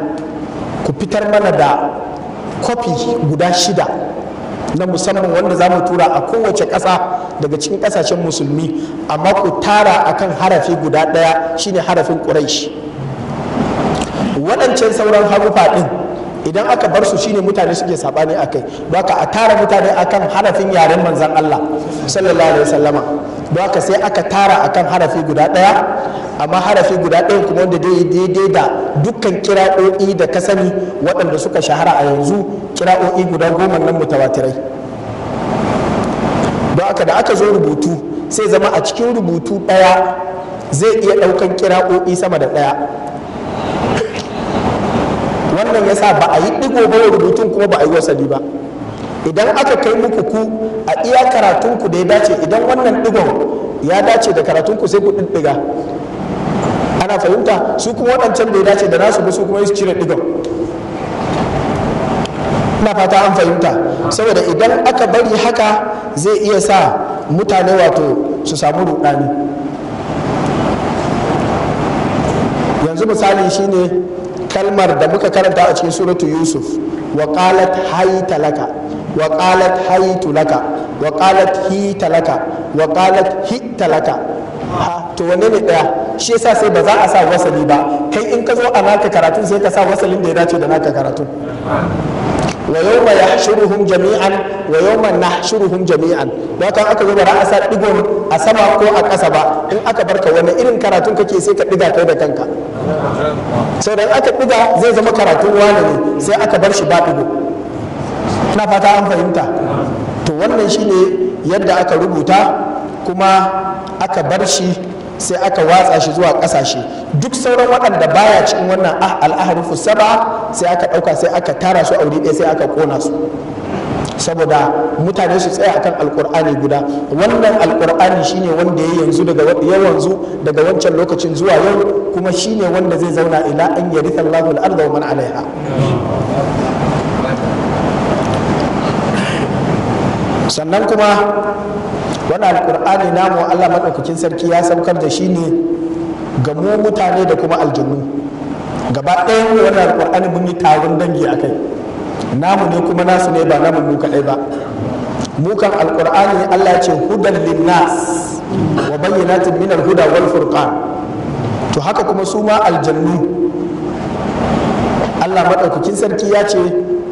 ku fitar mana da kwafi guda shida na musamman wanda za mu tura a kowace ƙasa daga cikin ƙasashen musulmi amma ku tara kan harafi guda ɗaya shine harafin ƙuraishi waɗancan sauran harufa ɗin idan aka bar su shine mutane suke sabani akai baka a tara mutane akan harafin yaren manzan Allah sallallahu alaihi wasallama baka sai aka tara akan harafi guda daya amma harafi guda ɗaya kuma wanda daidai da dukkan kira'o'i da ka sani waɗanda suka shahara a yanzu kira'o'i guda goma nan mutawatirai don aka da aka zo rubutu sai zama a cikin rubutu ɗaya zai iya ɗaukan kira'o'i sama da ɗaya wannan yasa ba a yi digo ba rubutun kuma ba a yi wasa ba idan aka kai muku ku a iya karatunku da ya dace idan wannan digon ya dace da karatunku sai ku diddiga ana fahimta su kuma waɗancan da ya dace da nasu ba su kuma su cire digon ina fata an fahimta saboda idan aka bari haka zai iya sa mutane wato su samu ruɗani yanzu misali shine kalmar da muka karanta a cikin suratu yusuf wa qalat hayta laka wa qalat haytu laka wa qalat hita laka wa qalat laka ha to wanne ne daya shi yasa sai ba za a sa wasali ba kai in ka zo a naka karatun sai ka sa wasalin da ya dace da naka karatun wa yawma yahshuruhum jami'an wa yawma nahshuruhum jami'an ba kan aka zama ba sa digon a sama ko a ƙasa ba in aka barka wani irin karatun kake sai ka diga kai da kanka sau da aka diga zai zama karatun wani ne sai aka bar shi ba digo ina fata an fahimta to wannan shine yadda aka rubuta kuma aka bar shi sai aka watsa shi zuwa ƙasashe duk sauran waɗanda baya cikin wannan ah, al'aharifu saba sai aka ɗauka sai aka tara su a wuri ɗaya sai aka ƙona su saboda mutane su tsaya akan alkur'ani guda wannan alkur'ani shine wanda ya yanzu daga yawanzu daga wancan lokacin zuwa yau kuma shine wanda zai zauna ila an yaritha Allahul arda wa man alaiha sannan kuma wani alkur'ani namu allah maɗaukakin sarki ya saukar da shi ne ga mu mutane da kuma aljannu gaba ɗaya wani alkur'ani mun yi taron dangi a kai namu ne kuma nasu ne ba namun mu kaɗai ba mukan alkur'ani allah ce hudan linnas wa bayyanatin min alhuda wal furqan to haka kuma su ma aljannu allah maɗaukakin sarki ya ce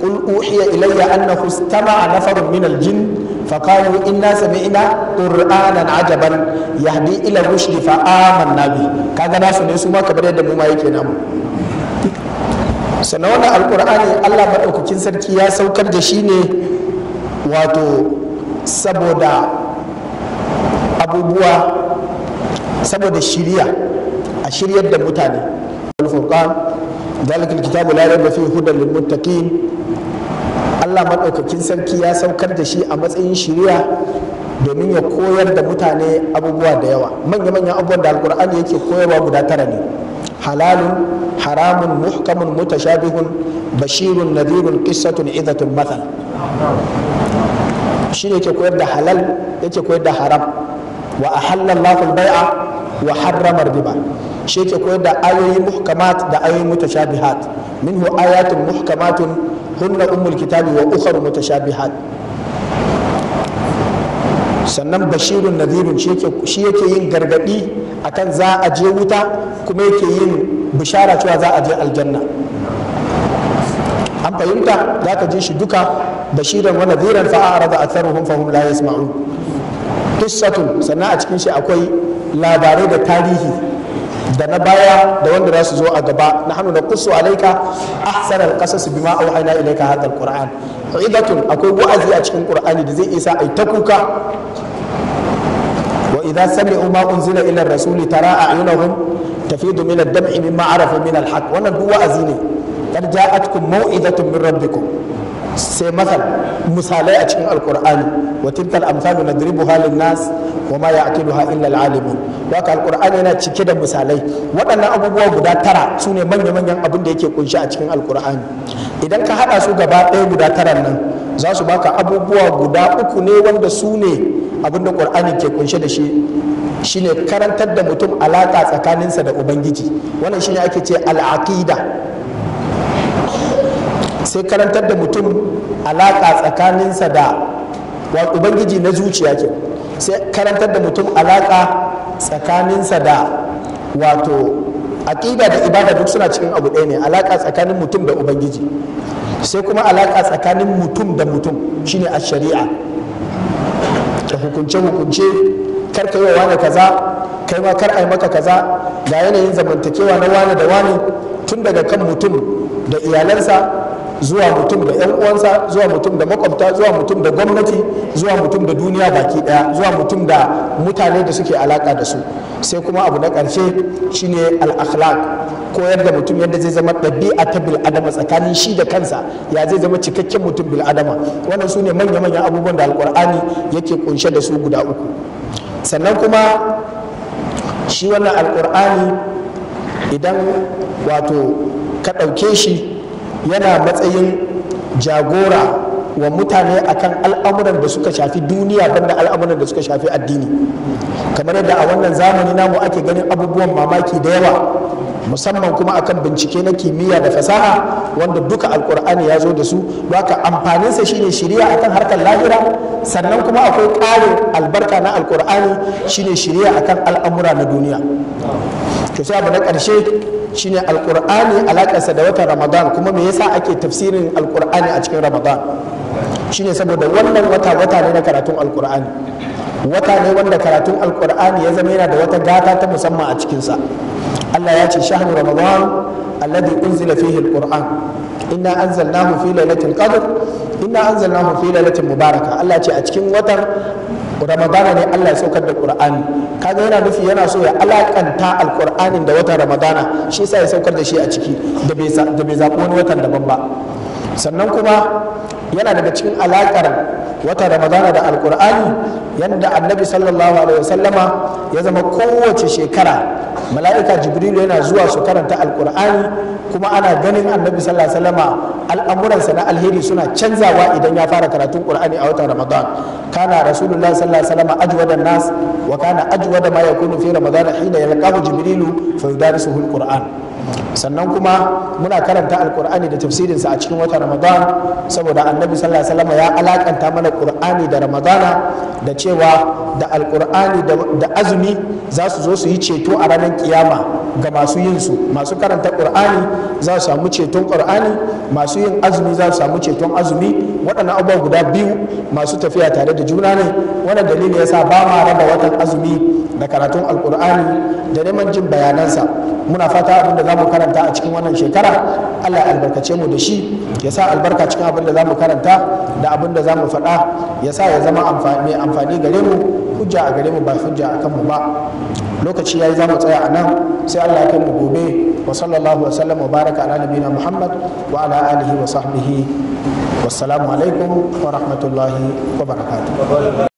قل أوحي إلي أنه استمع نفر من الجن فقالوا إنا سمعنا قرآنا عجبا يهدي إلى الرشد فآمنا به كذا ناس نسمع كبر يد ما يكنا سنونا القرآن الله مدوكين سركي يا سوكر دشيني wato saboda abubuwa saboda shirya a shiryar da mutane al-furqan ذلك الكتاب لا ريب فيه هدى للمتقين Allah maɗaukakin sarki ya saukar da shi a matsayin shiriya domin ya koyar da mutane abubuwa da yawa manya-manyan abubuwan da alkur'ani yake koyarwa guda tara ne halalun haramun muhkamun mutashabihun bashirun nadirun qissatun idatun mathal shi ne yake koyar da halal yake koyar da haram wa ahalla Allahu al-bai'a wa harrama riba shi yake koyar da ayoyi muhkamat da ayoyi mutashabihat minhu ayatun muhkamatun hunna ummul kitabi wa ukhar mutashabihat sannan bashirun nadirun shi yake yin gargadi akan za a je wuta kuma yake yin bishara cewa za a je aljanna an fahimta za ka ji shi duka bashiran wa nadiran fa a'rada a fa hum la yasma'un qissatun sannan a cikin shi akwai labarai da tarihi da na baya da wanda za su zo a gaba na hannu da kusu alaika su bi bima auhayna ilaika hadha alquran idatun akwai wa'azi a cikin qur'ani da zai isa ai ta kuka wa idza sami'u ma unzila ila rasuli tara a'yunahum tafidu min ad-dam'i mimma arafu min al-haqq wannan duk wa'azi ne qad ja'atkum mau'izatun min rabbikum sai masal misalai a cikin alkur'ani wa tilkal amsalu nadribu halin nas wa ma ya'qiluha illa al-alimun alkur'ani yana cike da misalai waɗannan abubuwa guda tara su ne manya manyan abin da yake kunshi a cikin alkur'ani idan ka haɗa su gaba ɗaya guda tara nan za su baka abubuwa guda uku ne wanda su ne abin da qur'ani ke kunshe da shi shine karantar da mutum alaka tsakaninsa da ubangiji wannan shine ake ce al-aqida sai karantar da mutum alaƙa tsakaninsa da wa ubangiji na zuciya ke sai karantar da mutum alaƙa tsakaninsa da wato aƙida da ibada duk suna cikin abu ɗaya ne alaƙa tsakanin mutum da ubangiji sai kuma alaƙa tsakanin mutum da mutum shine a shari'a da hukunce-hukunce kar ka yi wa kaza kai ma kar a yi maka kaza ga yanayin zamantakewa na wane da wane tun daga kan mutum da iyalansa zuwa mutum da yan uwansa zuwa mutum da makwabta zuwa mutum da gwamnati zuwa mutum da duniya baki daya zuwa mutum da mutane da suke alaka da su sai kuma abu na karshe shine al-akhlaq koyar da mutum yadda zai zama ɗabi'a ta bil'adama tsakanin shi da kansa ya zai zama cikakken mutum bil'adama? wannan su ne manya-manyan abubuwan da alkur'ani yake kunshe da su guda uku sannan kuma shi wannan alkur'ani idan wato ka ɗauke shi yana matsayin jagora wa mutane akan al'amuran da suka shafi duniya banda al'amuran da suka shafi addini kamar yadda a wannan zamani namu ake ganin abubuwan mamaki da yawa musamman kuma akan bincike na kimiyya da fasaha wanda duka alkur'ani ya zo da su baka amfaninsa shine shiriya akan harkar lahira sannan kuma akwai ƙarin albarka na alkur'ani shine shiriya akan al'amura na duniya sai na ƙarshe shine alkur'ani alakarsa da watan ramadan kuma me yasa ake tafsirin alkur'ani a cikin ramadan shine saboda wannan wata wata ne na karatun alkur'ani wata ne wanda karatun alkur'ani ya zama yana da wata gata ta musamman a cikinsa allah ya ce shahru ramadan alladhi unzila fihi alquran inna anzalnahu fi lailatul qadr inna anzalnahu fi lailatin mubaraka Allah ce a cikin watan ramadana ne Allah ya saukar da qur'ani kaga yana nufi yana so ya alakanta alqur'anin da wata ramadana shi yasa ya saukar da shi a ciki da bai zaɓi wani watan daban ba sannan kuma yana daga cikin alaƙar wata ramadana da alkur'ani yadda annabi sallallahu alaihi wasallama ya zama kowace shekara mala'ika jibrilu yana zuwa su karanta alkur'ani kuma ana ganin annabi sallallahu alaihi wasallama al'amuransa na alheri suna canzawa idan ya fara karatun ƙur'ani a watan ramadan kana rasulullahi sallallahu alaihi wasallama ajwada nas wa kana ajwada ma yakunu fi ramadan hina yalqahu jibrilu fa yudarisuhu alqur'an sannan kuma muna karanta alkur'ani da tafsirinsa a cikin watan ramadan saboda annabi sallallahu alaihi ya alakanta mana qur'ani da ramadana da cewa da alqur'ani da azumi za su zo su yi ceto a ranar kiyama ga masu yin su masu karanta qur'ani za su samu ceton qur'ani masu yin azumi za su samu ceton azumi waɗannan abubuwa guda biyu masu tafiya tare da juna ne wannan dalili yasa ba ma raba watan azumi da karatun alqur'ani da neman jin bayanansa muna fata abin da za mu karanta a cikin wannan shekara Allah albarkace mu da shi ya sa albarka cikin abin da za mu karanta karanta da abin da za mu faɗa ya sa ya zama mai amfani gare mu hujja a gare mu ba hujja a kanmu ba lokaci ya yi za mu tsaya a nan sai allah ya mu gobe wa sallallahu wa sallam wa baraka ala nabina muhammad wa ala alihi wa sahbihi wassalamu alaikum wa rahmatullahi wa barakatuh